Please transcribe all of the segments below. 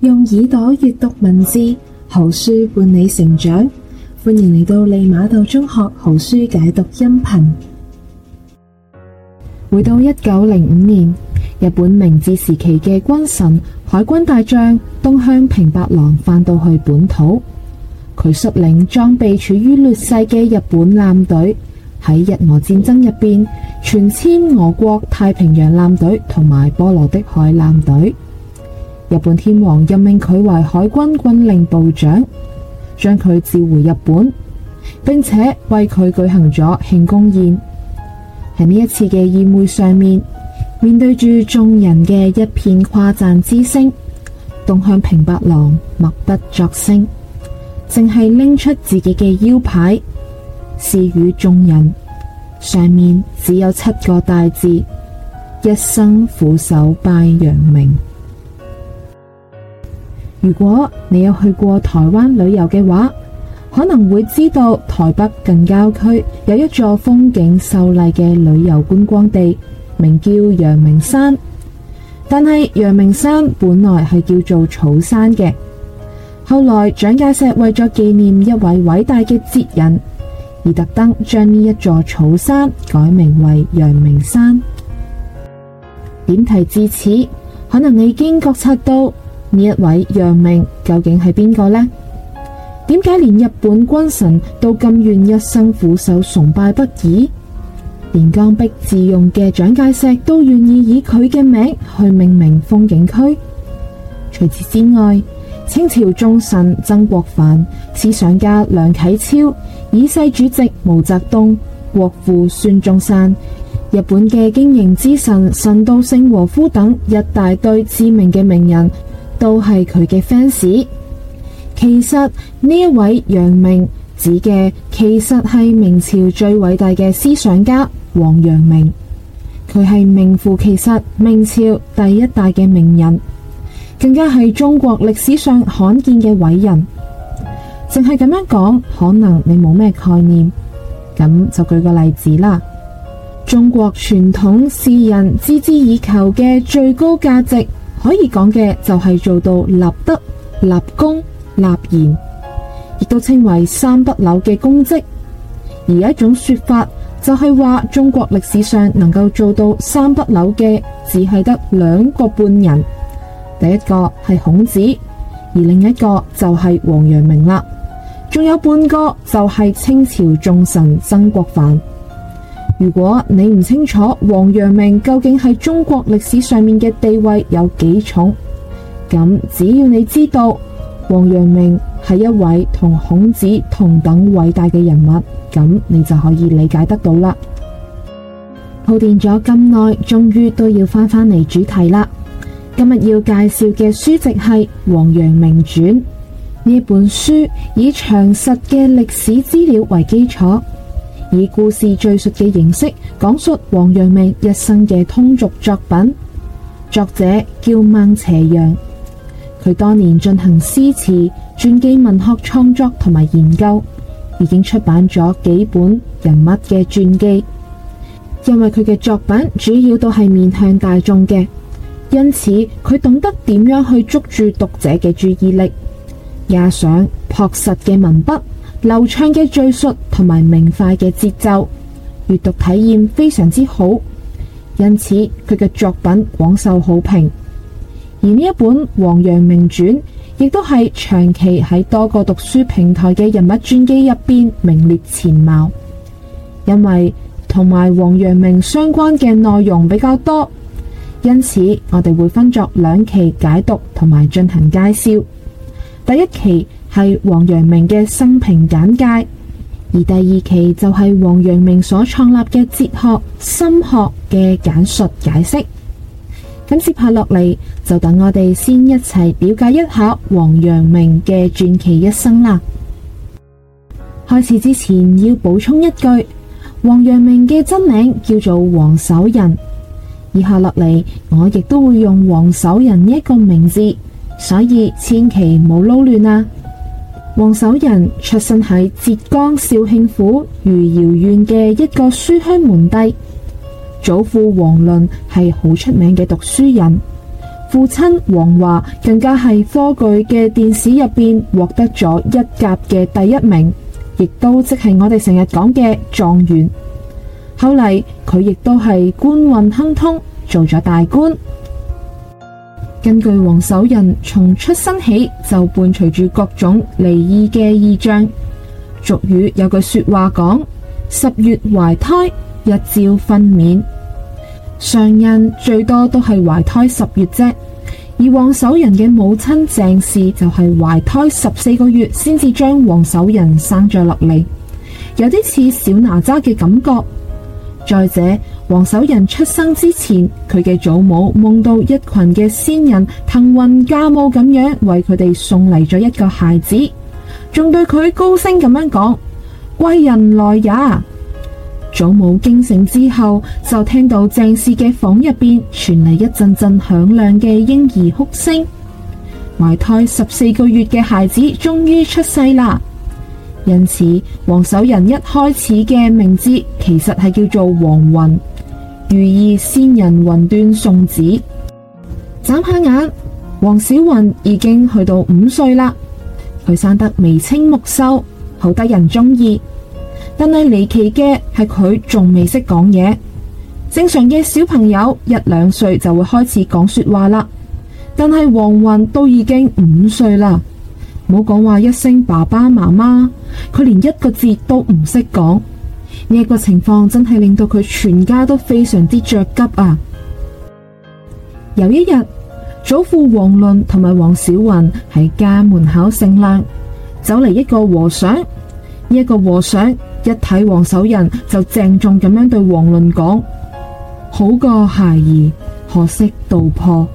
用耳朵閱讀文字，好書伴你成長。歡迎嚟到利馬道中學好書解讀音頻。回到一九零五年，日本明治時期嘅軍神、海軍大將東鄉平八郎返到去本土，佢率領裝備處於劣勢嘅日本艦隊喺日俄戰爭入邊全殲俄國太平洋艦隊同埋波羅的海艦隊。日本天皇任命佢為海軍軍令部長，將佢召回日本，並且為佢舉行咗慶功宴。喺呢一次嘅宴會上面，面對住眾人嘅一片誇讚之聲，東鄉平八郎默不作聲，淨係拎出自己嘅腰牌，示與眾人。上面只有七個大字：一生俯首拜陽明。如果你有去過台灣旅遊嘅話，可能會知道台北近郊區有一座風景秀麗嘅旅遊觀光地，名叫陽明山。但係陽明山本來係叫做草山嘅，後來蔣介石為咗紀念一位偉大嘅哲人，而特登將呢一座草山改名為陽明山。點提至此，可能你已經覺察到。呢一位陽明究竟係邊個呢？點解連日本軍神都甘願一生俯首崇拜不已？連剛愎自用嘅蔣介石都願意以佢嘅名去命名風景區。除此之外，清朝忠臣曾國藩、思想家梁啟超、以世主席毛澤東、國父孫中山、日本嘅經營之神神，神稻盛和夫等，一大堆知名嘅名人。都係佢嘅 fans。其實呢一位陽明指嘅，其實係明朝最偉大嘅思想家王陽明。佢係名副其實明朝第一大嘅名人，更加係中國歷史上罕見嘅偉人。淨係咁樣講，可能你冇咩概念。咁就舉個例子啦。中國傳統士人孜孜以求嘅最高價值。可以講嘅就係做到立德、立功、立言，亦都稱為三不朽嘅功績。而一種說法就係話，中國歷史上能夠做到三不朽嘅，只係得兩個半人。第一個係孔子，而另一個就係王陽明啦。仲有半個就係清朝重臣曾國藩。如果你唔清楚王陽明究竟喺中國歷史上面嘅地位有幾重，咁只要你知道王陽明係一位同孔子同等偉大嘅人物，咁你就可以理解得到啦。鋪墊咗咁耐，終於都要返返嚟主題啦。今日要介紹嘅書籍係《王陽明傳》，呢本書以詳實嘅歷史資料為基礎。以故事敘述嘅形式講述王陽明一生嘅通俗作品，作者叫孟斜陽。佢多年進行詩詞、傳記文學創作同埋研究，已經出版咗幾本人物嘅傳記。因為佢嘅作品主要都係面向大眾嘅，因此佢懂得點樣去捉住讀者嘅注意力，加上樸實嘅文筆。流暢嘅敘述同埋明快嘅節奏，閱讀體驗非常之好，因此佢嘅作品廣受好評。而呢一本《王陽明傳》亦都係長期喺多個讀書平台嘅人物專輯入邊名列前茅，因為同埋王陽明相關嘅內容比較多，因此我哋會分作兩期解讀同埋進行介紹。第一期。係王陽明嘅生平簡介，而第二期就係王陽明所創立嘅哲學心學嘅簡述解釋。咁，接下來就等我哋先一齊了解一下王陽明嘅傳奇一生啦。開始之前要補充一句，王陽明嘅真名叫做王守仁。以下落嚟我亦都會用王守仁呢個名字，所以千祈唔好撈亂啊！王守仁出身喺浙江紹興府余姚縣嘅一個書香門第，祖父王倫係好出名嘅讀書人，父親王華更加係科舉嘅殿試入邊獲得咗一甲嘅第一名，亦都即係我哋成日講嘅狀元。後嚟佢亦都係官運亨通，做咗大官。根據王守仁從出生起就伴隨住各種離異嘅異象，俗語有句話說話講：十月懷胎，一朝分娩。常人最多都係懷胎十月啫，而王守仁嘅母親鄭氏就係懷胎十四個月先至將王守仁生咗落嚟，有啲似小哪吒嘅感覺。再者，王守仁出生之前，佢嘅祖母夢到一群嘅仙人騰雲駕霧咁樣為佢哋送嚟咗一個孩子，仲對佢高聲咁樣講：貴人來也！祖母驚醒之後，就聽到鄭氏嘅房入邊傳嚟一陣陣響亮嘅嬰兒哭聲，懷胎十四個月嘅孩子終於出世啦。因此，王守仁一開始嘅名字其實係叫做王雲，寓意先人雲端送子。眨下眼，王小雲已經去到五歲啦。佢生得眉清目秀，好得人鍾意。但係離奇嘅係佢仲未識講嘢。正常嘅小朋友一兩歲就會開始講說話啦，但係王雲都已經五歲啦。冇講話一聲爸爸媽媽，佢連一個字都唔識講。呢一個情況真係令到佢全家都非常之着急啊！有一日，祖父王倫同埋王小雲喺家門口乘涼，走嚟一個和尚。呢一個和尚一睇王守仁，就鄭重咁樣對王倫講：好個孩兒，可惜道破。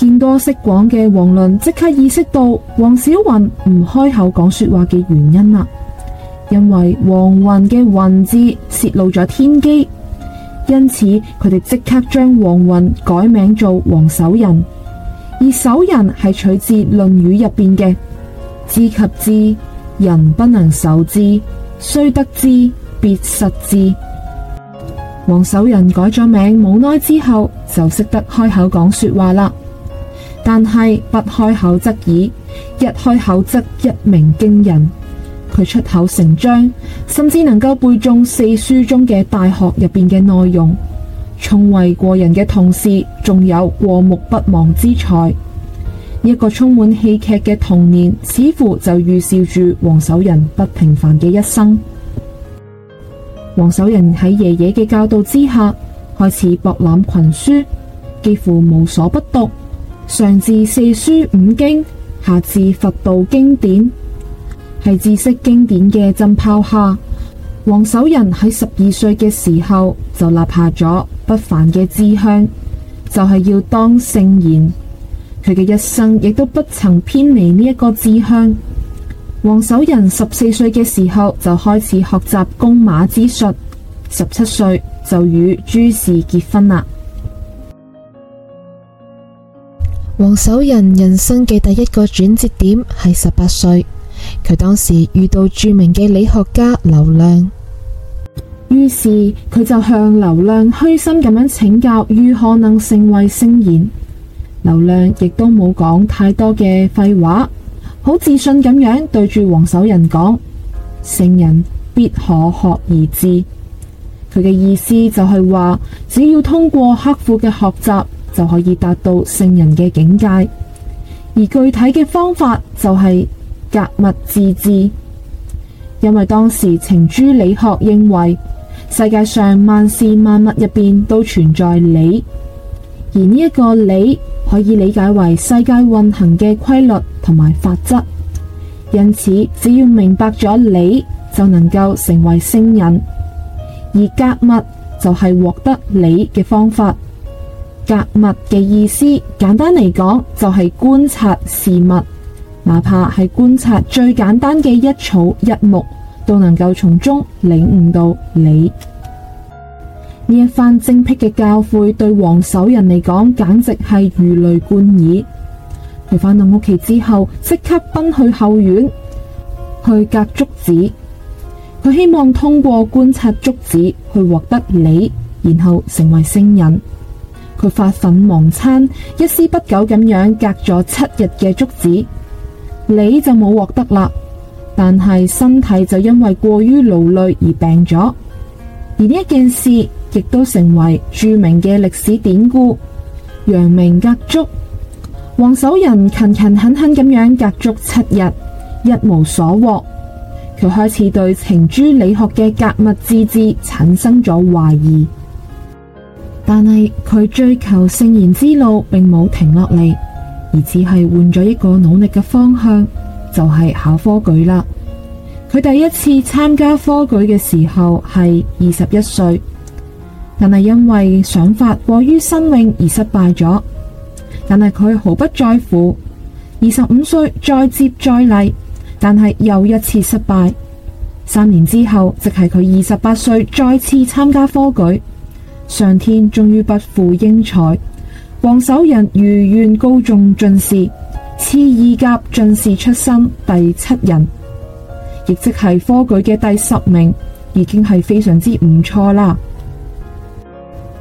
見多識廣嘅王倫即刻意識到王小雲唔開口講說話嘅原因啦，因為王雲嘅雲字泄露咗天機，因此佢哋即刻將王雲改名做王守仁。而守仁係取自《論語》入邊嘅“知及之人，不能守之，雖得之必失之”。王守仁改咗名，冇耐之後就識得開口講說話啦。但係不開口則已，一開口則一鳴驚人。佢出口成章，甚至能夠背誦四書中嘅大學入邊嘅內容，聰慧過人嘅同時，仲有過目不忘之才。一個充滿戲劇嘅童年，似乎就預示住王守仁不平凡嘅一生。王守仁喺爺爺嘅教導之下，開始博覽群書，幾乎無所不讀。上至四書五經，下至佛道經典，係知識經典嘅浸泡下，王守仁喺十二歲嘅時候就立下咗不凡嘅志向，就係要當聖賢。佢嘅一生亦都不曾偏離呢一個志向。王守仁十四歲嘅時候就開始學習弓馬之術，十七歲就與諸氏結婚啦。王守仁人生嘅第一個轉折點係十八歲，佢當時遇到著名嘅理學家劉亮，於是佢就向劉亮虛心咁樣請教如何能成為聖賢。劉亮亦都冇講太多嘅廢話，好自信咁樣對住王守仁講：聖人必可學而至，佢嘅意思就係話，只要通過刻苦嘅學習，就可以達到聖人嘅境界，而具體嘅方法就係格物致知。因為當時程朱理學認為，世界上萬事萬物入邊都存在理，而呢一個理可以理解為世界運行嘅規律同埋法則。因此，只要明白咗理，就能夠成為聖人，而格物就係獲得理嘅方法。格物嘅意思，簡單嚟講就係觀察事物，哪怕係觀察最簡單嘅一草一木，都能夠從中領悟到理。呢一番精辟嘅教誨對王守仁嚟講，簡直係如雷貫耳。佢返到屋企之後，即刻奔去後院去格竹子。佢希望通過觀察竹子去獲得理，然後成為聖人。佢發憤忘餐，一絲不苟咁樣隔咗七日嘅竹子，你就冇獲得啦。但係身體就因為過於勞累而病咗，而呢一件事亦都成為著名嘅歷史典故——陽明格竹。黃守仁勤勤懇懇咁樣格竹七日，一無所獲，佢開始對程朱理學嘅格物致知產生咗懷疑。但係佢追求聖賢之路並冇停落嚟，而只係換咗一個努力嘅方向，就係考科舉啦。佢第一次參加科舉嘅時候係二十一歲，但係因為想法過於新穎而失敗咗。但係佢毫不在乎，二十五歲再接再厲，但係又一次失敗。三年之後，即係佢二十八歲再次參加科舉。上天終於不負英才。王守仁如願高中進士，賜二甲進士出身第七人，亦即係科舉嘅第十名，已經係非常之唔錯啦。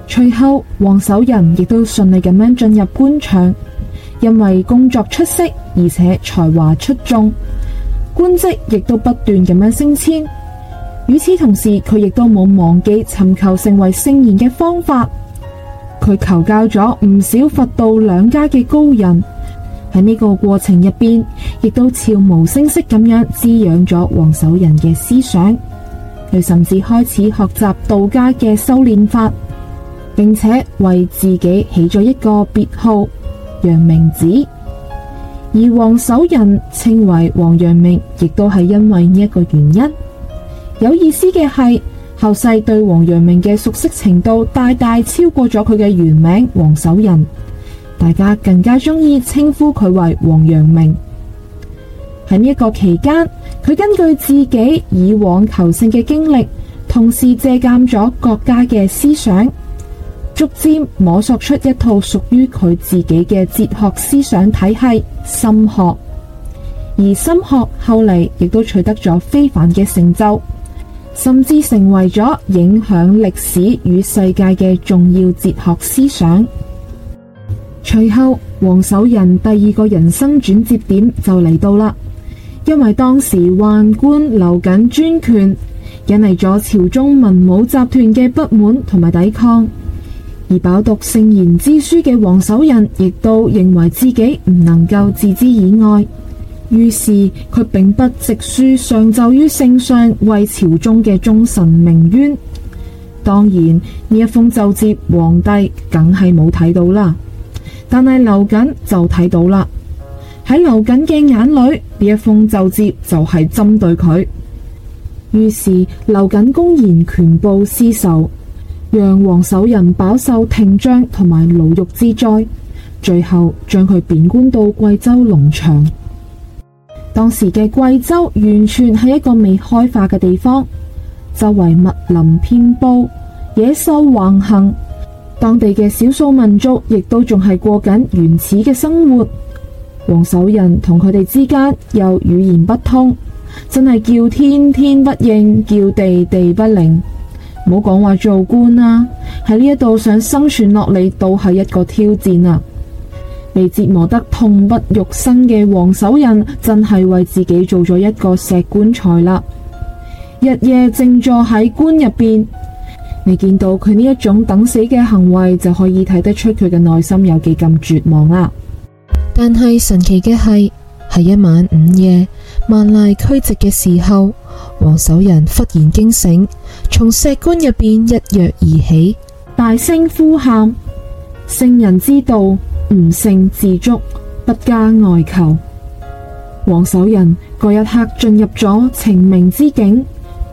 隨後，王守仁亦都順利咁樣進入官場，因為工作出色而且才華出眾，官職亦都不斷咁樣升遷。與此同時，佢亦都冇忘記尋求成為聖賢嘅方法。佢求教咗唔少佛道兩家嘅高人。喺呢個過程入邊，亦都悄無聲息咁樣滋養咗王守仁嘅思想。佢甚至開始學習道家嘅修煉法，並且為自己起咗一個別號——陽明子。而王守仁稱為王陽明，亦都係因為呢一個原因。有意思嘅係，後世對王陽明嘅熟悉程度大大超過咗佢嘅原名王守仁，大家更加中意稱呼佢為王陽明。喺呢一個期間，佢根據自己以往求勝嘅經歷，同時借鑒咗百家嘅思想，逐漸摸索出一套屬於佢自己嘅哲學思想體系心學。而心學後嚟亦都取得咗非凡嘅成就。甚至成為咗影響歷史與世界嘅重要哲學思想。隨後，王守仁第二個人生轉折點就嚟到啦，因為當時宦官劉瑾專權，引嚟咗朝中文武集團嘅不滿同埋抵抗，而飽讀聖賢之書嘅王守仁亦都認為自己唔能夠置之以外。於是佢並不直書上奏於聖上，為朝中嘅忠臣鳴冤。當然呢一封奏折，皇帝梗係冇睇到啦。但係劉瑾就睇到啦。喺劉瑾嘅眼裏，呢一封奏折就係針對佢。於是劉瑾公然拳布私仇，讓王守仁飽受廷杖同埋牢獄之災，最後將佢貶官到貴州龍場。當時嘅貴州完全係一個未開化嘅地方，周圍密林遍布，野獸橫行，當地嘅少數民族亦都仲係過緊原始嘅生活。王守仁同佢哋之間又語言不通，真係叫天天不應，叫地地不靈。唔好講話做官啦，啊，喺呢度想生存落嚟都係一個挑戰啊！被折磨得痛不欲生嘅王守仁，真係為自己做咗一個石棺材啦。日夜靜坐喺棺入邊，未見到佢呢一種等死嘅行為，就可以睇得出佢嘅內心有幾咁絕望啦、啊。但係神奇嘅係，喺一晚午夜萬籟俱寂嘅時候，王守仁忽然驚醒，從石棺入邊一躍而起，大聲呼喊：聖人之道。吾性自足，不假外求。王守仁嗰一刻進入咗澄明之境，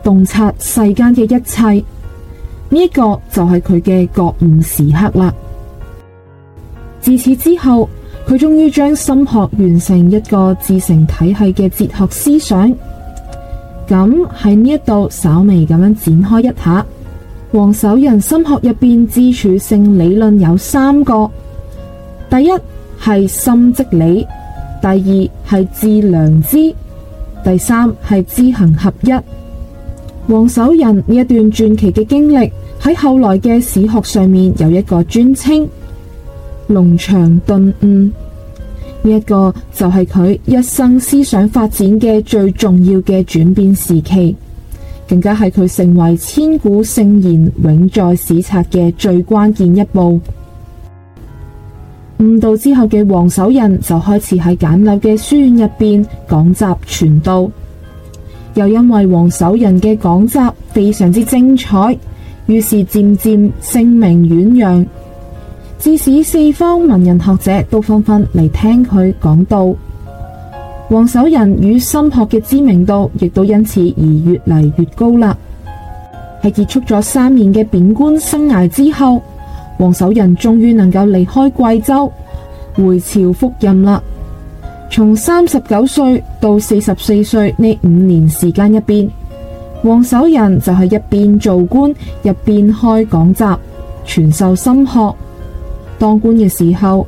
洞察世間嘅一切，呢、這、一個就係佢嘅覺悟時刻啦。自此之後，佢終於將心學完成一個自成體系嘅哲學思想。咁喺呢一度稍微咁樣展開一下，王守仁心學入邊支柱性理論有三個。第一係心即理，第二係致良知，第三係知行合一。王守仁呢一段傳奇嘅經歷喺後來嘅史學上面有一個專稱“龍場頓悟”，呢一、這個就係佢一生思想發展嘅最重要嘅轉變時期，更加係佢成為千古聖賢永在史冊嘅最關鍵一步。悟道之後嘅王守仁就開始喺簡陋嘅書院入邊講習傳道，又因為王守仁嘅講習非常之精彩，於是漸漸聲名遠揚，致使四方文人學者都紛紛嚟聽佢講道。王守仁與心學嘅知名度亦都因此而越嚟越高啦。喺結束咗三年嘅貶官生涯之後，王守仁終於能夠離開貴州回朝復任啦。從三十九歲到四十四歲呢五年時間入邊，王守仁就係一邊做官，一邊開講習，傳授心學。當官嘅時候，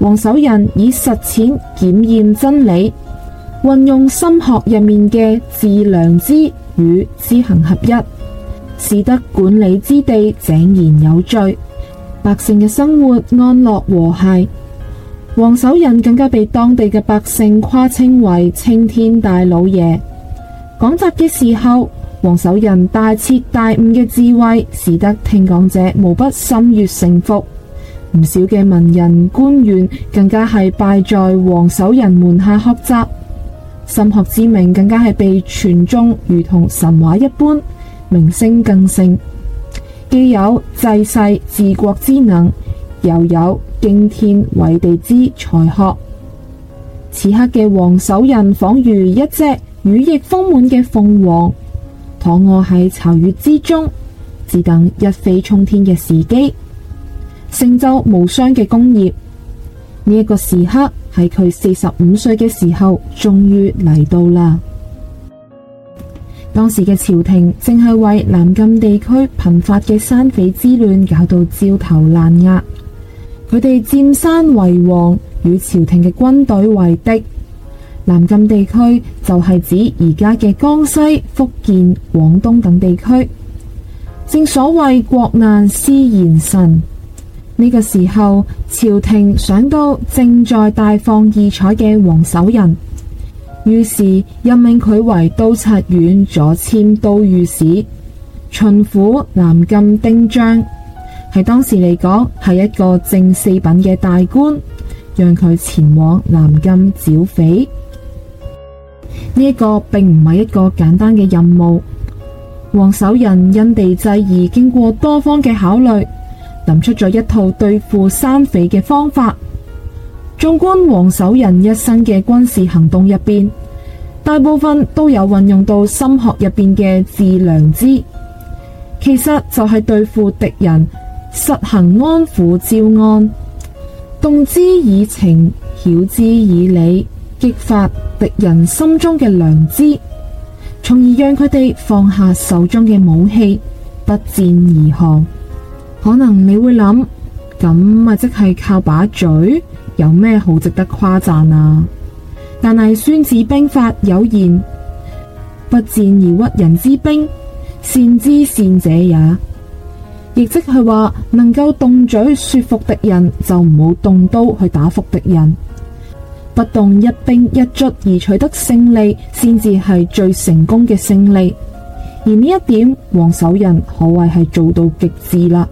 王守仁以實踐檢驗真理，運用心學入面嘅致良知與知行合一，使得管理之地井然有序。百姓嘅生活安樂和諧，王守仁更加被當地嘅百姓誇稱為“青天大老爺”。講習嘅時候，王守仁大徹大悟嘅智慧，使得聽講者無不心悅誠服。唔少嘅文人官員更加係拜在王守仁門下學習，心學之名更加係被傳中，如同神話一般，名聲更盛。既有濟世治國之能，又有經天緯地之才學。此刻嘅王守仁，仿如一隻羽翼豐滿嘅鳳凰，躺臥喺巢穴之中，只等一飛沖天嘅時機，成就無雙嘅功業。呢一個時刻，係佢四十五歲嘅時候，終於嚟到啦。當時嘅朝廷正係為南贛地區頻發嘅山匪之亂搞到焦頭爛額，佢哋占山為王，與朝廷嘅軍隊為敵。南贛地區就係指而家嘅江西、福建、廣東等地區。正所謂國難思賢臣，呢、這個時候朝廷想到正在大放異彩嘅王守仁。於是任命佢為都察院左僉都御史、巡撫南贛汀漳，係當時嚟講係一個正四品嘅大官，讓佢前往南贛剿匪。呢、這、一個並唔係一個簡單嘅任務，王守仁因地制宜經過多方嘅考慮，諗出咗一套對付山匪嘅方法。縱觀王守仁一生嘅軍事行動入邊，大部分都有運用到心學入邊嘅致良知，其實就係對付敵人實行安撫招安，動之以情，曉之以理，激發敵人心中嘅良知，從而讓佢哋放下手中嘅武器，不戰而降。可能你會諗，咁咪即係靠把嘴？有咩好值得誇讚啊？但係《孫子兵法》有言：不戰而屈人之兵，善之善者也。亦即係話，能夠動嘴說服敵人，就唔好動刀去打服敵人。不動一兵一卒而取得勝利，先至係最成功嘅勝利。而呢一點，王守仁可謂係做到極致啦。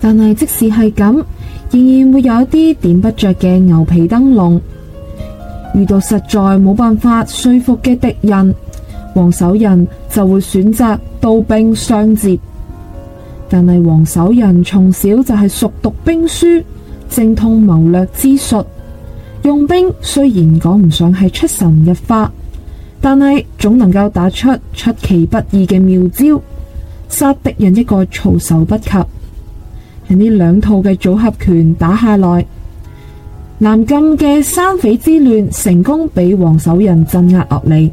但係，即使係咁，仍然會有一啲點不着嘅牛皮燈籠。遇到實在冇辦法說服嘅敵人，王守仁就會選擇刀兵相接。但係，王守仁從小就係熟讀兵書，精通謀略之術。用兵雖然講唔上係出神入化，但係總能夠打出出其不意嘅妙招，殺敵人一個措手不及。呢兩套嘅組合拳打下來，南贛嘅山匪之亂成功被王守仁鎮壓落嚟，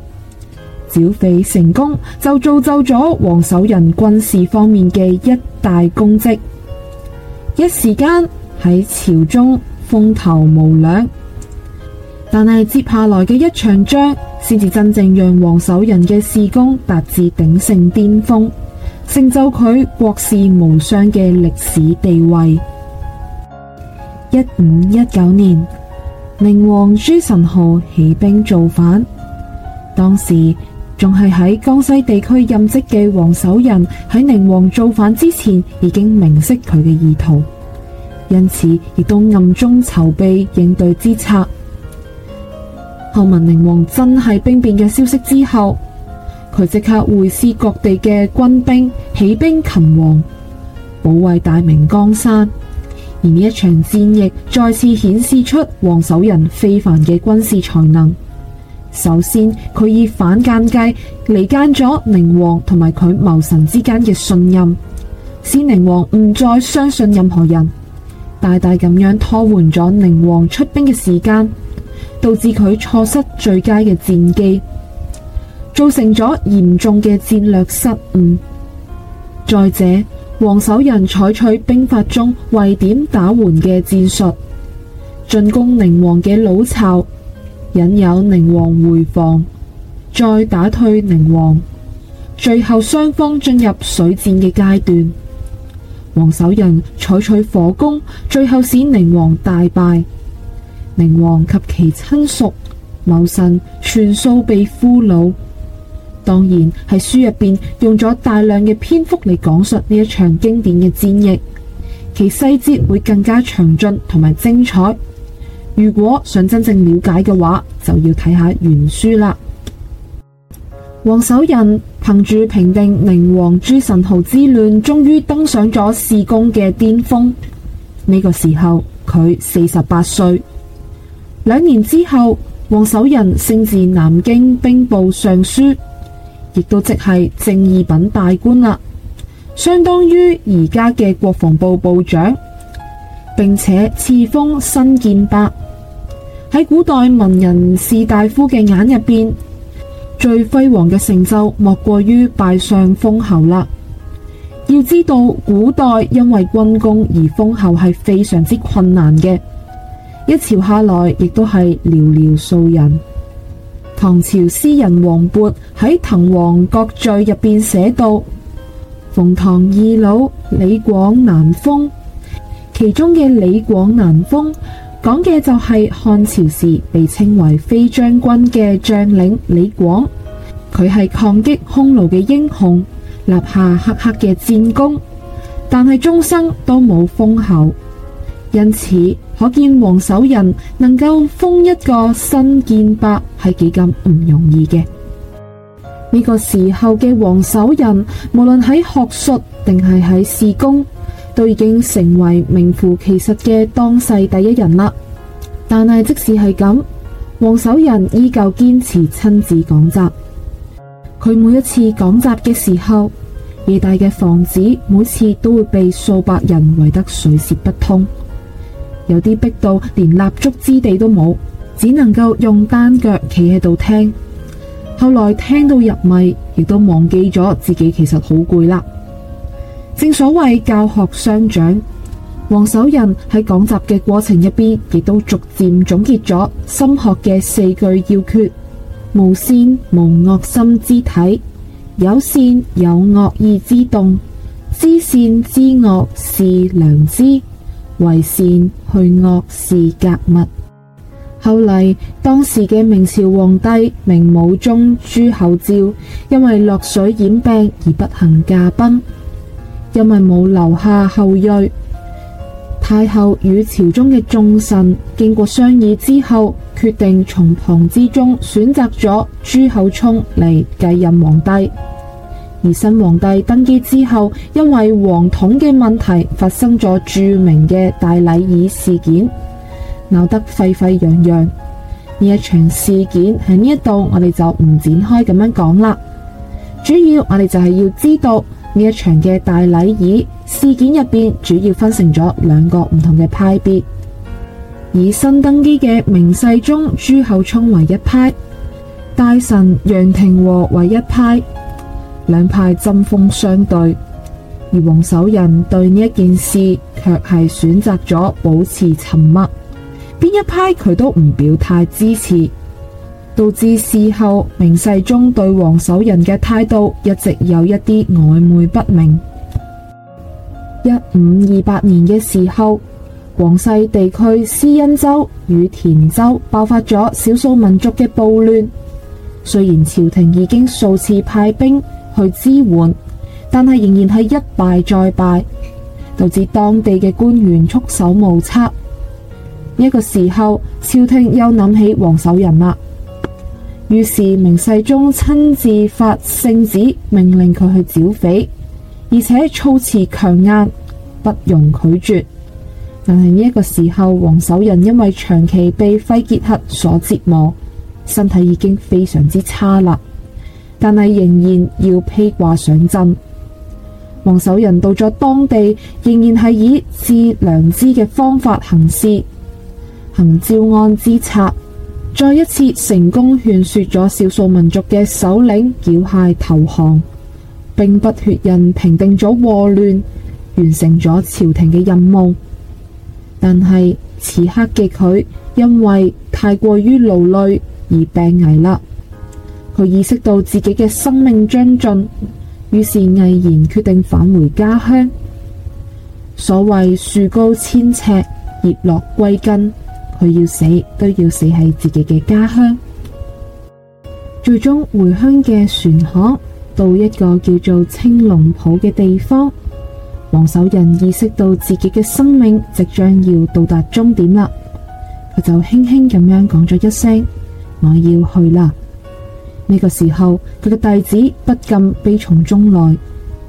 剿匪成功就造就咗王守仁軍事方面嘅一大功績，一時間喺朝中風頭無兩。但係接下來嘅一場仗，先至真正讓王守仁嘅事功達至鼎盛巔峰。成就佢國士無雙嘅歷史地位。一五一九年，寧王朱宸濠起兵造反，當時仲係喺江西地區任職嘅王守仁喺寧王造反之前已經明悉佢嘅意圖，因此亦都暗中籌備應對之策。後文寧王真係兵變嘅消息之後。佢即刻會師各地嘅軍兵，起兵勤王，保衛大明江山。而呢一場戰役再次顯示出王守仁非凡嘅軍事才能。首先，佢以反間計離間咗寧王同埋佢謀臣之間嘅信任，使寧王唔再相信任何人，大大咁樣拖緩咗寧王出兵嘅時間，導致佢錯失最佳嘅戰機。造成咗嚴重嘅戰略失誤。再者，王守仁採取兵法中圍點打援嘅戰術，進攻寧王嘅老巢，引誘寧王回防，再打退寧王。最後雙方進入水戰嘅階段，王守仁採取火攻，最後使寧王大敗，寧王及其親屬、謀臣全數被俘虜。當然喺書入邊用咗大量嘅篇幅嚟講述呢一場經典嘅戰役，其細節會更加詳盡同埋精彩。如果想真正了解嘅話，就要睇下原書啦。王守仁憑住平定寧王朱宸濠之亂，終於登上咗事功嘅巔峰。呢、這個時候佢四十八歲。兩年之後，王守仁升至南京兵部尚書。亦都即係正二品大官啦，相當於而家嘅國防部部長，並且賜封新建伯。喺古代文人士大夫嘅眼入邊，最輝煌嘅成就莫過於拜相封侯啦。要知道，古代因為軍功而封侯係非常之困難嘅，一朝下來亦都係寥寥數人。唐朝詩人王勃喺《滕王閣序》入邊寫道：馮唐易老，李廣難封。其中嘅李廣難封，講嘅就係漢朝時被稱為飛將軍嘅將領李廣，佢係抗擊匈奴嘅英雄，立下赫赫嘅戰功，但係終生都冇封侯，因此。可見王守仁能夠封一個新建伯係幾咁唔容易嘅呢。這個時候嘅王守仁，無論喺學術定係喺事功，都已經成為名副其實嘅當世第一人啦。但係即使係咁，王守仁依舊堅持親自講習。佢每一次講習嘅時候，偌大嘅房子每次都會被數百人圍得水泄不通。有啲逼到連立足之地都冇，只能夠用單腳企喺度聽。後來聽到入迷，亦都忘記咗自己其實好攰啦。正所謂教學相長，王守仁喺講習嘅過程入邊，亦都逐漸總結咗心學嘅四句要訣：無善無惡心之體，有善有惡意之動，知善知惡是良知。為善去惡是格物。後嚟，當時嘅明朝皇帝明武宗朱厚照因為落水染病而不幸駕崩，因為冇留下後裔，太后與朝中嘅眾臣經過商議之後，決定從旁之中選擇咗朱厚熜嚟繼任皇帝。而新皇帝登基之後，因為皇統嘅問題，發生咗著名嘅大禮儀事件，鬧得沸沸揚揚。呢一場事件喺呢一度，我哋就唔展開咁樣講啦。主要我哋就係要知道呢一場嘅大禮儀事件入邊，主要分成咗兩個唔同嘅派別，以新登基嘅明世宗朱厚熜為一派，大臣楊廷和為一派。兩派針鋒相對，而王守仁對呢一件事卻係選擇咗保持沉默，邊一派佢都唔表態支持，導致事後明世宗對王守仁嘅態度一直有一啲曖昧不明。一五二八年嘅時候，廣西地區思恩州與田州爆發咗少數民族嘅暴亂。雖然朝廷已經數次派兵，去支援，但係仍然係一敗再敗，導致當地嘅官員束手無策。呢一個時候，朝廷又諗起王守仁啦，於是明世宗親自發聖旨命令佢去剿匪，而且措辭強硬，不容拒絕。但係呢一個時候，王守仁因為長期被肺結核所折磨，身體已經非常之差啦。但係仍然要披掛上陣，王守仁到咗當地，仍然係以致良知嘅方法行事，行招安之策，再一次成功勸說咗少數民族嘅首領繳械投降，并不血刃平定咗禍亂，完成咗朝廷嘅任務。但係此刻嘅佢，因為太過於勞累而病危啦。佢意識到自己嘅生命將盡，於是毅然決定返回家鄉。所謂樹高千尺，葉落歸根，佢要死都要死喺自己嘅家鄉。最終回鄉嘅船行到一個叫做青龍浦嘅地方，王守仁意識到自己嘅生命即將要到達終點啦。佢就輕輕咁樣講咗一聲：我要去啦。呢個時候，佢嘅弟子不禁悲從中來，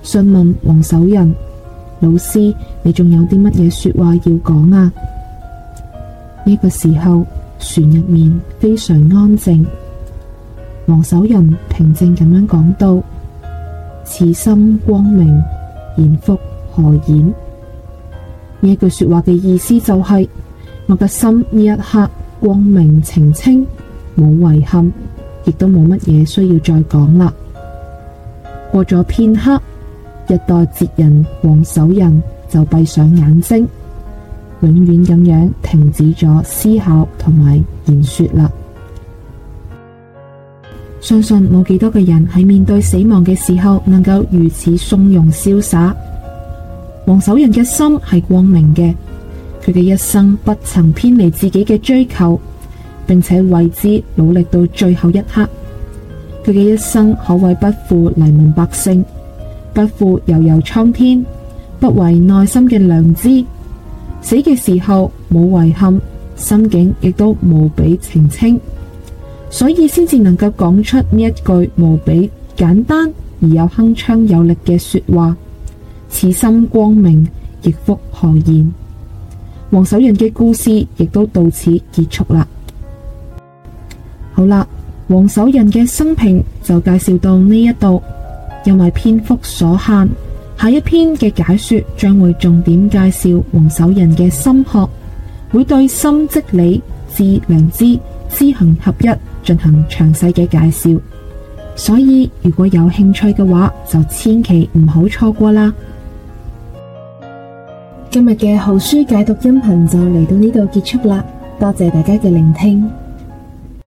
詢問王守仁老師：你仲有啲乜嘢說話要講啊？呢、這個時候，船入面非常安靜。王守仁平靜咁樣講到：此心光明，亦復何言？呢句說話嘅意思就係、是、我嘅心呢一刻光明澄清，冇遺憾。亦都冇乜嘢需要再講啦。過咗片刻，一代哲人王守仁就閉上眼睛，永遠咁樣停止咗思考同埋言說啦。相信冇幾多個人喺面對死亡嘅時候能夠如此從容瀟灑。王守仁嘅心係光明嘅，佢嘅一生不曾偏離自己嘅追求。並且為之努力到最後一刻，佢嘅一生可謂不負黎民百姓，不負悠悠蒼天，不為內心嘅良知。死嘅時候冇遺憾，心境亦都無比澄清，所以先至能夠講出呢一句無比簡單而又鏗鏘有力嘅說話：此心光明，亦復何言？王守仁嘅故事亦都到此結束啦。好啦，王守仁嘅生平就介紹到呢一度，因為篇幅所限，下一篇嘅解說將會重點介紹王守仁嘅心學，會對心即理、致良知、知行合一進行詳細嘅介紹。所以如果有興趣嘅話，就千祈唔好錯過啦。今日嘅好書解讀音頻就嚟到呢度結束啦，多謝大家嘅聆聽。